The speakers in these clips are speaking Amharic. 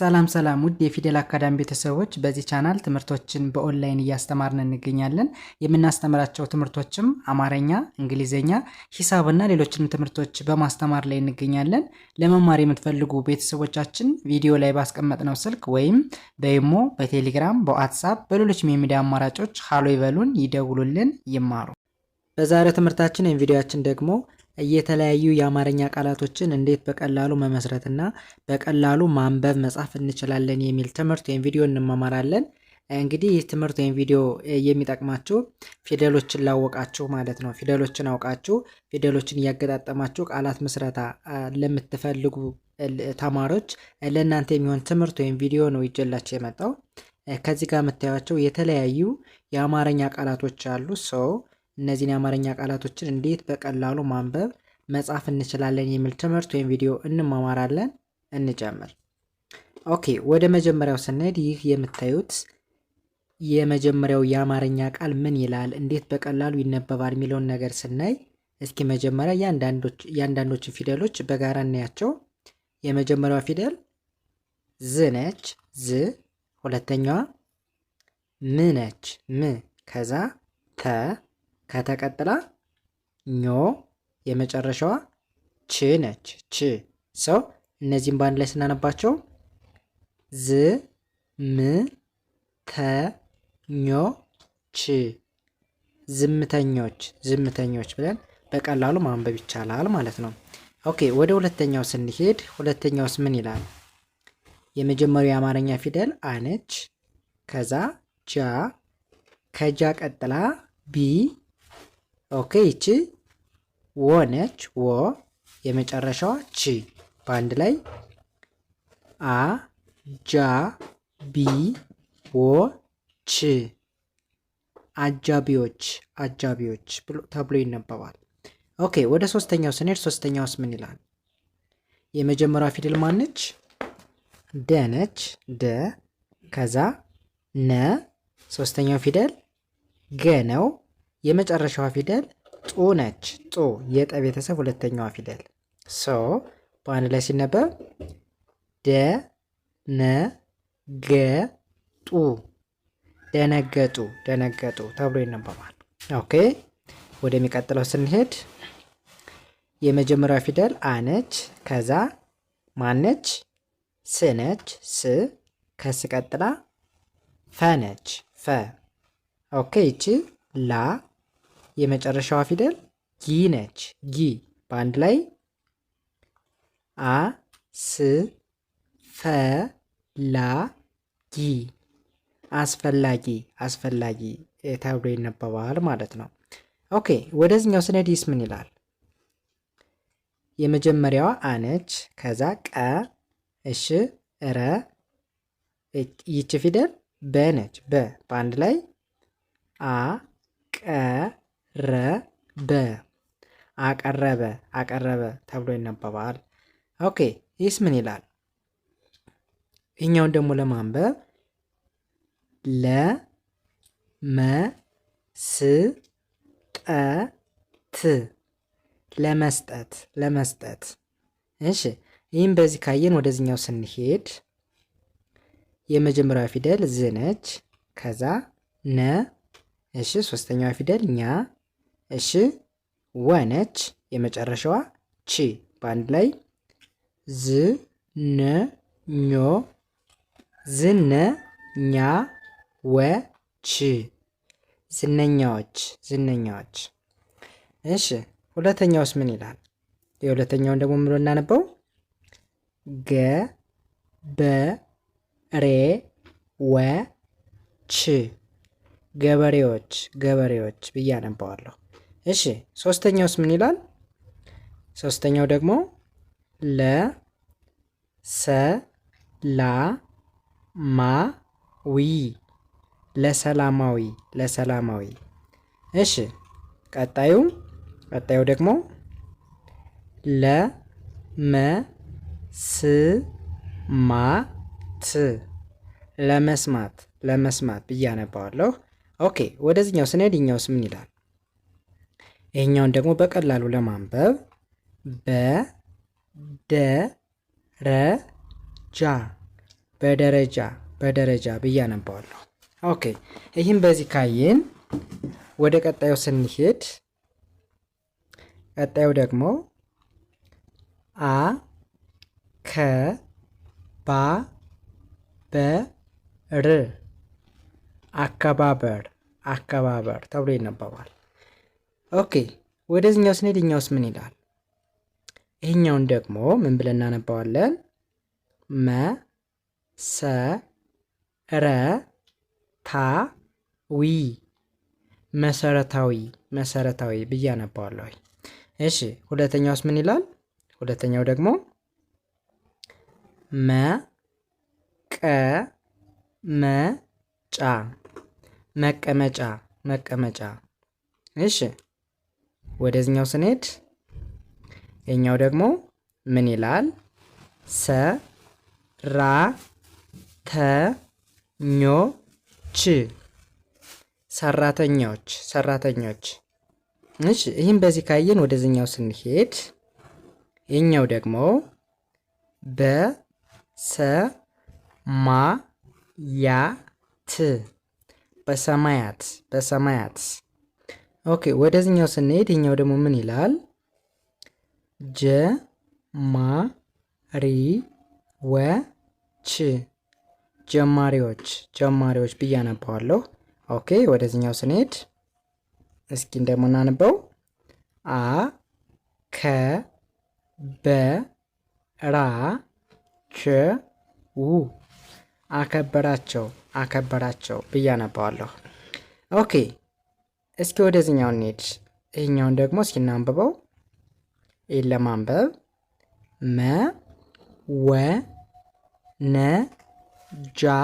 ሰላም ሰላም ውድ የፊደል አካዳሚ ቤተሰቦች፣ በዚህ ቻናል ትምህርቶችን በኦንላይን እያስተማርን እንገኛለን። የምናስተምራቸው ትምህርቶችም አማርኛ፣ እንግሊዝኛ፣ ሂሳብና ሌሎችንም ትምህርቶች በማስተማር ላይ እንገኛለን። ለመማር የምትፈልጉ ቤተሰቦቻችን ቪዲዮ ላይ ባስቀመጥነው ስልክ ወይም በይሞ በቴሌግራም በዋትሳፕ በሌሎች የሚዲያ አማራጮች ሀሎ ይበሉን፣ ይደውሉልን፣ ይማሩ። በዛሬው ትምህርታችን ወይም ቪዲዮችን ደግሞ የተለያዩ የአማርኛ ቃላቶችን እንዴት በቀላሉ መመስረትና በቀላሉ ማንበብ መጻፍ እንችላለን የሚል ትምህርት ወይም ቪዲዮ እንማማራለን። እንግዲህ ይህ ትምህርት ወይም ቪዲዮ የሚጠቅማችሁ ፊደሎችን ላወቃችሁ ማለት ነው። ፊደሎችን አውቃችሁ ፊደሎችን እያገጣጠማችሁ ቃላት ምስረታ ለምትፈልጉ ተማሪዎች ለእናንተ የሚሆን ትምህርት ወይም ቪዲዮ ነው ይዤላችሁ የመጣው። ከዚህ ጋር የምታዩቸው የተለያዩ የአማርኛ ቃላቶች አሉ። ሰው እነዚህን የአማርኛ ቃላቶችን እንዴት በቀላሉ ማንበብ መጻፍ እንችላለን የሚል ትምህርት ወይም ቪዲዮ እንማማራለን። እንጀምር። ኦኬ ወደ መጀመሪያው ስንሄድ ይህ የምታዩት የመጀመሪያው የአማርኛ ቃል ምን ይላል፣ እንዴት በቀላሉ ይነበባል የሚለውን ነገር ስናይ እስኪ መጀመሪያ የአንዳንዶችን ፊደሎች በጋራ እናያቸው። የመጀመሪያው ፊደል ዝ ነች፣ ዝ። ሁለተኛዋ ም ነች፣ ም። ከዛ ተ፣ ከተቀጥላ ኞ የመጨረሻዋ ች ነች። ች ሰው እነዚህም በአንድ ላይ ስናነባቸው ዝ ም ተ ኞ ች ዝምተኞች ዝምተኞች ብለን በቀላሉ ማንበብ ይቻላል ማለት ነው። ኦኬ ወደ ሁለተኛው ስንሄድ ሁለተኛውስ ምን ይላል? የመጀመሪያው የአማርኛ ፊደል አነች። ከዛ ጃ ከጃ ቀጥላ ቢ ኦኬ ይቺ ወነች ወ የመጨረሻዋ ቺ በአንድ ላይ አ ጃ ቢ ወ ች አጃቢዎች አጃቢዎች ተብሎ ይነበባል። ኦኬ ወደ ሶስተኛው ስንሄድ ሶስተኛውስ ምን ይላል? የመጀመሪያ ፊደል ማነች? ደ ነች። ደ ከዛ ነ ሶስተኛው ፊደል ገ ነው። የመጨረሻዋ ፊደል ጡ ነች። ጡ የጠ ቤተሰብ ሁለተኛዋ ፊደል ሶ በአንድ ላይ ሲነበብ ደ ነ ገ ጡ ደነገጡ ደነገጡ ተብሎ ይነበባል። ኦኬ ወደሚቀጥለው ስንሄድ የመጀመሪያው ፊደል አነች። ከዛ ማነች? ስነች ስ ከስ ቀጥላ ፈነች ፈ ኦኬ ይቺ ላ የመጨረሻዋ ፊደል ጊ ነች። ጊ በአንድ ላይ አ ስ ፈ ላ ጊ አስፈላጊ አስፈላጊ ተብሎ ይነበባል ማለት ነው። ኦኬ ስነ ስነዲስ ምን ይላል? የመጀመሪያዋ አነች ከዛ ቀ እሽ ረ ይች ፊደል በነች በ በአንድ ላይ አ ቀ ረበ አቀረበ አቀረበ ተብሎ ይነበባል። ኦኬ ይህስ ምን ይላል? ይኛውን ደግሞ ለማንበብ ት ለመስጠት ለመስጠት። እሺ ይህም በዚህ ካየን ወደዚህኛው ስንሄድ የመጀመሪያው ፊደል ዝነች፣ ከዛ ነ እሺ ሶስተኛዋ ፊደል ኛ እሺ ወነች የመጨረሻዋ ቺ በአንድ ላይ ዝ ነ ኞ ዝነ ኛ ወ ች ዝነኛዎች ዝነኛዎች። እሺ ሁለተኛውስ ምን ይላል? የሁለተኛውን ደግሞ ምሎ እናነበው ገ በ ሬ ወ ች ገበሬዎች ገበሬዎች ብዬ አነባዋለሁ። እሺ ሶስተኛውስ ምን ይላል? ሶስተኛው ደግሞ ለ ሰ ላ ማ ዊ ለሰላማዊ ለሰላማዊ። እሺ ቀጣዩ ቀጣዩ ደግሞ ለ መ ስ ማ ት ለመስማት ለመስማት ብዬ አነባዋለሁ። ኦኬ ወደዚህኛው ስንሄድ ኛውስ ምን ይላል? ይሄኛውን ደግሞ በቀላሉ ለማንበብ በደረጃ በደረጃ በደረጃ ብዬ አነባዋለሁ። ኦኬ ይህም በዚህ ካየን ወደ ቀጣዩ ስንሄድ ቀጣዩ ደግሞ አ ከ ባ በ ር አከባበር አከባበር ተብሎ ይነበባል። ኦኬ ወደዚህኛው ስንሄድ ይኛውስ ምን ይላል? ይህኛውን ደግሞ ምን ብለን እናነባዋለን? መ ሰ ረ ታ ዊ መሰረታዊ መሰረታዊ ብዬ አነባዋለሁ። እሺ ሁለተኛውስ ምን ይላል? ሁለተኛው ደግሞ መ ቀ መ ጫ መቀመጫ መቀመጫ እሺ ወደዚኛው ስንሄድ የኛው ደግሞ ምን ይላል? ሰ ራ ተ ኞ ች ሰራተኞች ሰራተኞች። እሺ ይህም በዚህ ካየን ወደዚኛው ስንሄድ የኛው ደግሞ በሰማያት በሰማያት በሰማያት ኦኬ ወደዚህኛው ስንሄድ ይኛው ደግሞ ምን ይላል? ጀ ማ ሪ ወ ች ጀማሪዎች ጀማሪዎች ብዬ አነባዋለሁ። ኦኬ ወደዚኛው ስንሄድ እስኪ እንደምናነበው አ ከ በ ራ ች ው አከበራቸው አከበራቸው ብዬ አነባዋለሁ። ኦኬ እስኪ ወደዚኛው እንሄድ። ይህኛውን ደግሞ እስኪ እናንብበው። ይህን ለማንበብ መ ወ ነ ጃ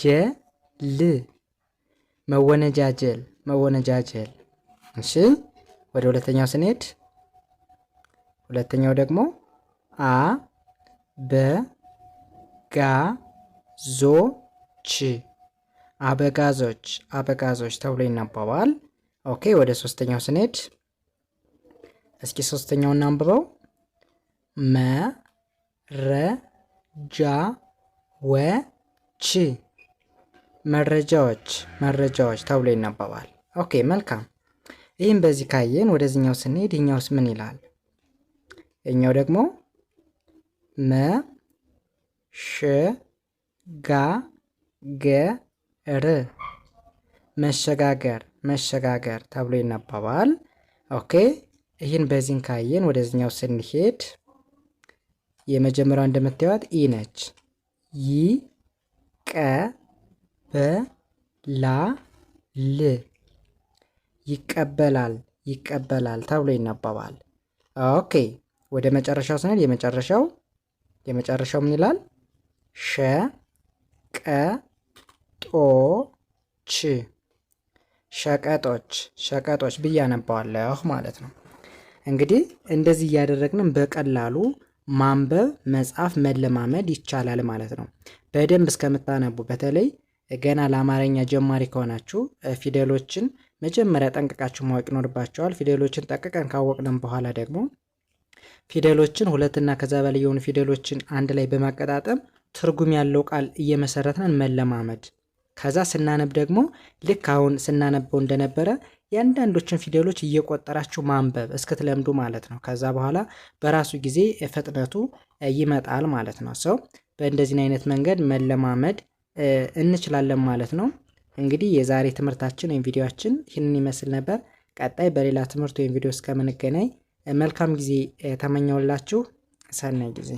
ጀ ል መወነጃጀል መወነጃጀል። እሺ ወደ ሁለተኛው ስንሄድ ሁለተኛው ደግሞ አ በ ጋ ዞ ች አበጋዞች አበጋዞች ተብሎ ይነበባል። ኦኬ ወደ ሶስተኛው ስንሄድ እስኪ ሶስተኛውን አንብበው። መረጃዎች መረጃዎች መረጃዎች ተብሎ ይነበባል። ኦኬ መልካም። ይህም በዚህ ካየን ወደዚኛው ስንሄድ ይኛውስ ምን ይላል? እኛው ደግሞ መሸጋገር ር መሸጋገር መሸጋገር ተብሎ ይነበባል። ኦኬ ይህን በዚህን ካየን ወደዚኛው ስንሄድ የመጀመሪያው እንደምታዩት ኢ ነች። ይ ቀ በ ላ ል ይቀበላል ይቀበላል ተብሎ ይነበባል። ኦኬ ወደ መጨረሻው ስንሄድ የመጨረሻው የመጨረሻው ምን ይላል? ሸ ቀ ሸቀጦች ሸቀጦች ሸቀጦች ብዬ አነባዋለሁ ማለት ነው። እንግዲህ እንደዚህ እያደረግንም በቀላሉ ማንበብ መጻፍ መለማመድ ይቻላል ማለት ነው። በደንብ እስከምታነቡ በተለይ ገና ለአማርኛ ጀማሪ ከሆናችሁ ፊደሎችን መጀመሪያ ጠንቅቃችሁ ማወቅ ይኖርባቸዋል። ፊደሎችን ጠንቅቀን ካወቅንም በኋላ ደግሞ ፊደሎችን ሁለትና ከዛ በላይ የሆኑ ፊደሎችን አንድ ላይ በማቀጣጠም ትርጉም ያለው ቃል እየመሰረትን መለማመድ ከዛ ስናነብ ደግሞ ልክ አሁን ስናነበው እንደነበረ የአንዳንዶችን ፊደሎች እየቆጠራችሁ ማንበብ እስክትለምዱ ማለት ነው። ከዛ በኋላ በራሱ ጊዜ ፍጥነቱ ይመጣል ማለት ነው። ሰው በእንደዚህን አይነት መንገድ መለማመድ እንችላለን ማለት ነው። እንግዲህ የዛሬ ትምህርታችን ወይም ቪዲዮችን ይህንን ይመስል ነበር። ቀጣይ በሌላ ትምህርት ወይም ቪዲዮ እስከምንገናኝ መልካም ጊዜ ተመኘውላችሁ። ሰናይ ጊዜ